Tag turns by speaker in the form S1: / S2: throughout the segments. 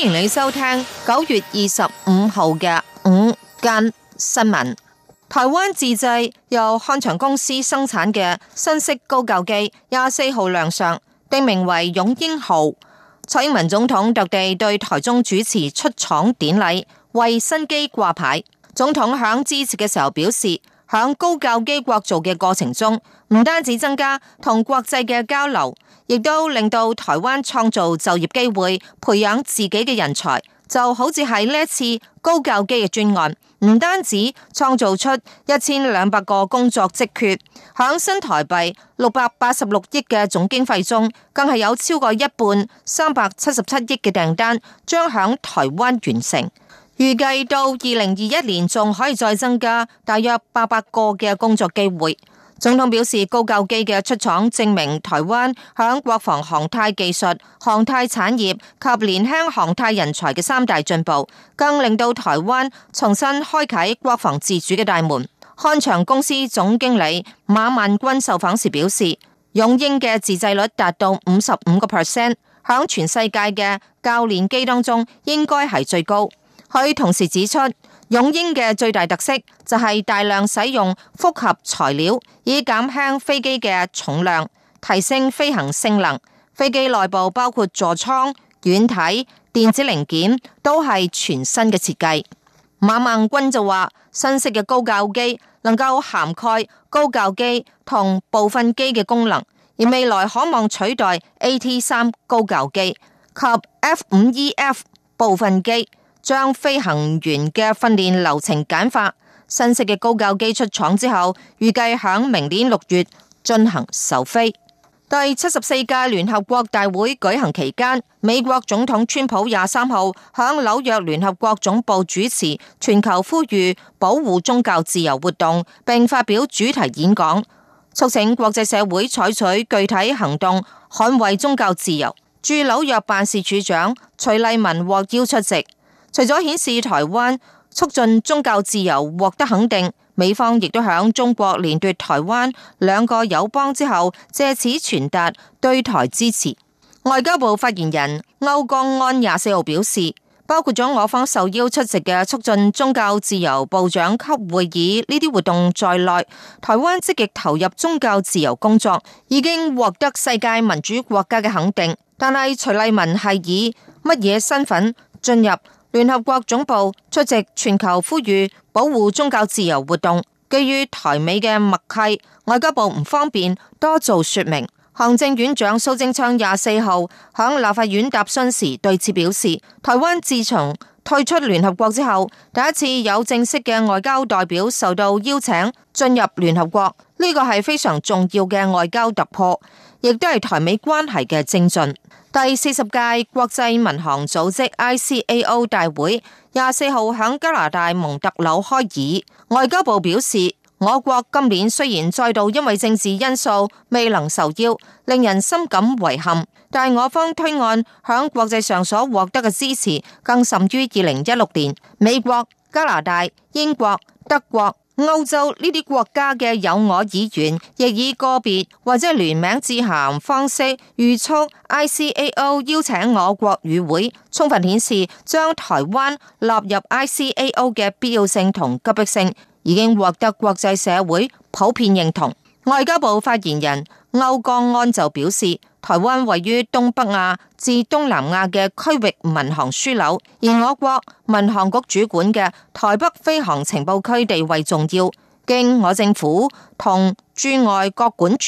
S1: 歡迎你收聽九月二十五號嘅午間新聞。台灣自製由漢翔公司生產嘅新式高教機廿四號亮相，定名為“勇鷹號”。蔡英文總統特地對台中主持出廠典禮，為新機掛牌。總統響致辭嘅時候表示，響高教機國造嘅過程中，唔單止增加同國際嘅交流。亦都令到台灣創造就業機會，培養自己嘅人才，就好似喺呢一次高教機嘅專案，唔單止創造出一千兩百個工作職缺，響新台幣六百八十六億嘅總經費中，更係有超過一半三百七十七億嘅訂單將響台灣完成，預計到二零二一年仲可以再增加大約八百個嘅工作機會。總統表示，高教機嘅出廠證明台灣響國防航太技術、航太產業及年輕航太人才嘅三大進步，更令到台灣重新開啟國防自主嘅大門。漢翔公司總經理馬萬鈞受訪時表示，勇鷹嘅自製率達到五十五個 percent，響全世界嘅教練機當中應該係最高。佢同時指出，勇鷹嘅最大特色就係大量使用複合材料，以減輕飛機嘅重量，提升飛行性能。飛機內部包括座艙、軟體、電子零件都係全新嘅設計。馬孟軍就話，新式嘅高教機能夠涵蓋高教機同部分機嘅功能，而未來可望取代 AT 三高教機及 F 五 EF 部分機。將飛行員嘅訓練流程簡化。新式嘅高教機出廠之後，預計響明年六月進行首飛。第七十四屆聯合國大會舉行期間，美國總統川普廿三號響紐約聯合國總部主持全球呼籲保護宗教自由活動，並發表主題演講，促請國際社會採取具體行動，捍衛宗教自由。駐紐約辦事處長徐儷文獲邀出席。除咗顯示台灣促進宗教自由獲得肯定，美方亦都響中國連奪台灣兩個友邦之後，藉此傳達對台支持。外交部發言人歐江安廿四號表示，包括咗我方受邀出席嘅促進宗教自由部長級會議呢啲活動在內，台灣積極投入宗教自由工作，已經獲得世界民主國家嘅肯定。但係徐儷文係以乜嘢身份進入聯合國總部出席全球呼籲保護宗教自由活動。基於台美嘅默契，外交部唔方便多做說明。行政院長蘇貞昌廿四號響立法院答詢時對此表示：台灣自從退出聯合國之後，第一次有正式嘅外交代表受到邀請進入聯合國，呢個係非常重要嘅外交突破，亦都係台美關係嘅精進。第四十屆國際民航組織 （ICAO） 大會廿四號喺加拿大蒙特婁開議，外交部表示，我國今年雖然再度因為政治因素未能受邀，令人深感遺憾，但我方推案響國際上所獲得嘅支持，更甚於二零一六年美國、加拿大、英國、德國。歐洲呢啲國家嘅有我議員亦以個別或者係聯名致函方式預測 ICAO 邀請我國與會，充分顯示將台灣納入 ICAO 嘅必要性同急迫性已經獲得國際社會普遍認同。外交部發言人歐江安就表示。台灣位於東北亞至東南亞嘅區域民航樞紐，而我國民航局主管嘅台北飛航情報區地位重要，經我政府同駐外國館處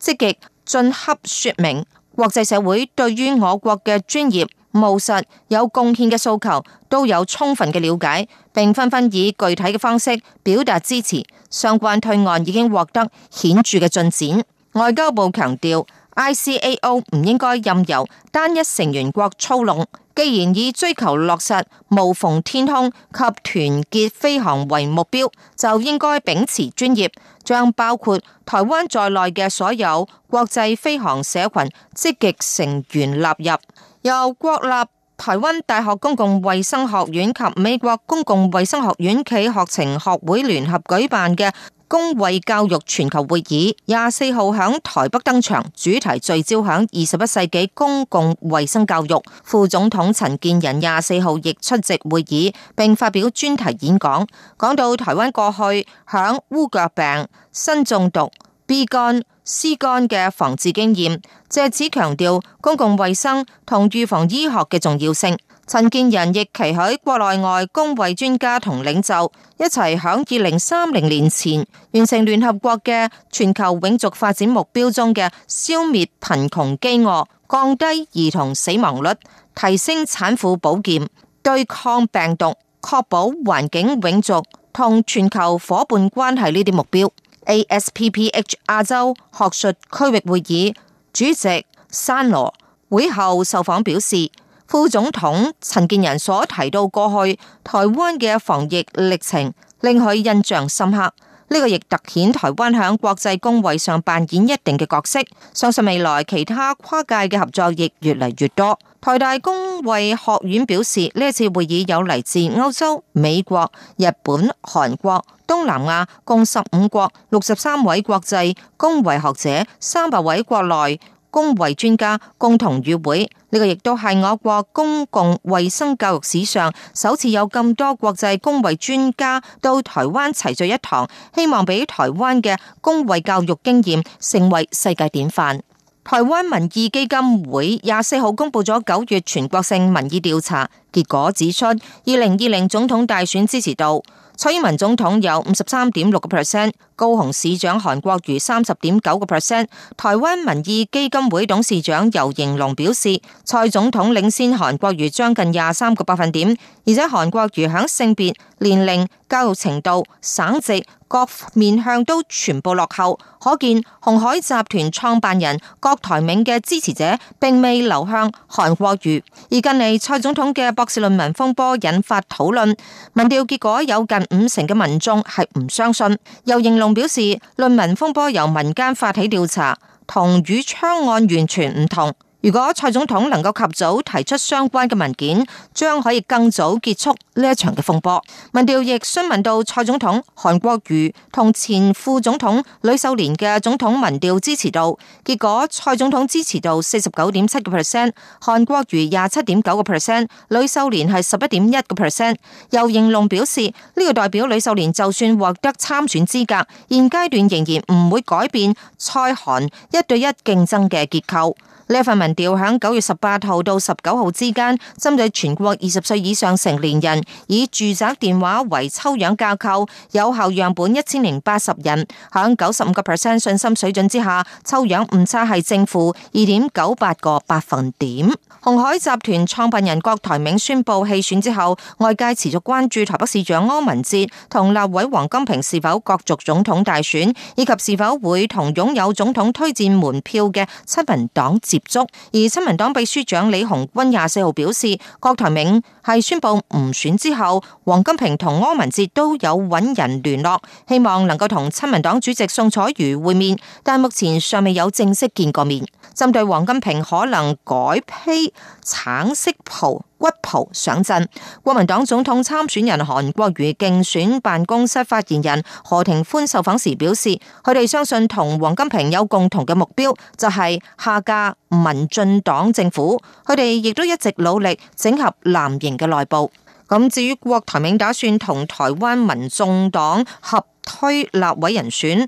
S1: 積極進洽說明，國際社會對於我國嘅專業務實有貢獻嘅訴求都有充分嘅了解，並紛紛以具體嘅方式表達支持，相關推案已經獲得顯著嘅進展。外交部強調。I C A O 唔應該任由單一成員國操弄。既然以追求落實無縫天空及團結飛航為目標，就應該秉持專業，將包括台灣在內嘅所有國際飛航社群積極,極成員納入。由國立台灣大學公共衛生學院及美國公共衛生學院企學程學會聯合舉辦嘅。公衛教育全球會議廿四號響台北登場，主題聚焦響二十一世紀公共衛生教育。副總統陳建仁廿四號亦出席會議，並發表專題演講，講到台灣過去響烏腳病、砷中毒、B 肝、C 肝嘅防治經驗，借此強調公共衛生同預防醫學嘅重要性。陳建仁亦期望國內外公衛專家同領袖一齊響二零三零年前完成聯合國嘅全球永續發展目標中嘅消滅貧窮飢餓、降低兒童死亡率、提升產婦保健、對抗病毒、確保環境永續、同全球夥伴關係呢啲目標。ASPPH 亞洲學術區域會議主席山羅會後受訪表示。副總統陳建仁所提到過去台灣嘅防疫歷程，令佢印象深刻。呢、這個亦凸顯台灣響國際公衛上扮演一定嘅角色，相信未來其他跨界嘅合作亦越嚟越多。台大公衛學院表示，呢一次會議有嚟自歐洲、美國、日本、韓國、東南亞共十五國六十三位國際公衛學者，三百位國內公衛專家共同與會。呢個亦都係我國公共衛生教育史上首次有咁多國際公衛專家到台灣齊聚一堂，希望俾台灣嘅公衛教育經驗成為世界典範。台灣民意基金會廿四號公布咗九月全國性民意調查，結果指出二零二零總統大選支持度。蔡英文總統有五十三點六個 percent，高雄市長韓國瑜三十點九個 percent。台灣民意基金會董事長游盈隆表示，蔡總統領先韓國瑜將近廿三個百分點，而且韓國瑜喺性別、年齡、教育程度、省籍，各面向都全部落後，可見鴻海集團創辦人郭台銘嘅支持者並未流向韓國瑜。而近嚟蔡總統嘅博士論文風波引發討論，民調結果有近五成嘅民眾係唔相信。游盈隆表示，論文風波由民間發起調查，同宇昌案完全唔同。如果蔡總統能夠及早提出相關嘅文件，將可以更早結束呢一場嘅風波。民調亦詢問到蔡總統、韓國瑜同前副總統呂秀蓮嘅總統民調支持度，結果蔡總統支持度四十九點七個 percent，韓國瑜廿七點九個 percent，呂秀蓮係十一點一個 percent。游盈隆表示呢、這個代表呂秀蓮就算獲得參選資格，現階段仍然唔會改變蔡韓一對一競爭嘅結構。呢一份民調喺九月十八號到十九號之間，針對全國二十歲以上成年人，以住宅電話為抽樣架構，有效樣本一千零八十人，喺九十五個 percent 信心水準之下，抽樣誤差係正負二點九八個百分點。鴻海集團創辦人郭台銘宣布棄選之後，外界持續關注台北市長柯文哲同立委黃金平是否角逐總統大選，以及是否會同擁有總統推薦門票嘅親民黨接觸，而親民黨秘書長李鴻鈞廿四號表示，郭台銘係宣布唔選之後，黃金平同柯文哲都有揾人聯絡，希望能夠同親民黨主席宋楚瑜會面，但目前尚未有正式見過面。針對黃金平可能改披橙色袍，屈蒲上陣，國民黨總統參選人韓國瑜競選辦公室發言人何庭歡受訪時表示，佢哋相信同王金平有共同嘅目標，就係、是、下架民進黨政府。佢哋亦都一直努力整合藍營嘅內部。咁至於郭台銘打算同台灣民眾黨合推立委人選，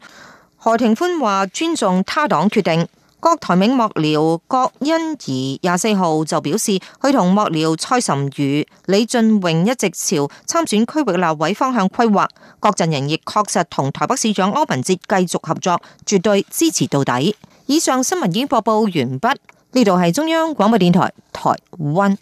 S1: 何庭歡話尊重他黨決定。郭台銘幕僚郭欣怡廿四號就表示，佢同幕僚蔡岑宇、李俊榮一直朝參選區域立委方向規劃。郭振仁亦確實同台北市長柯文哲繼續合作，絕對支持到底。以上新聞已經播報完畢，呢度係中央廣播電台台灣。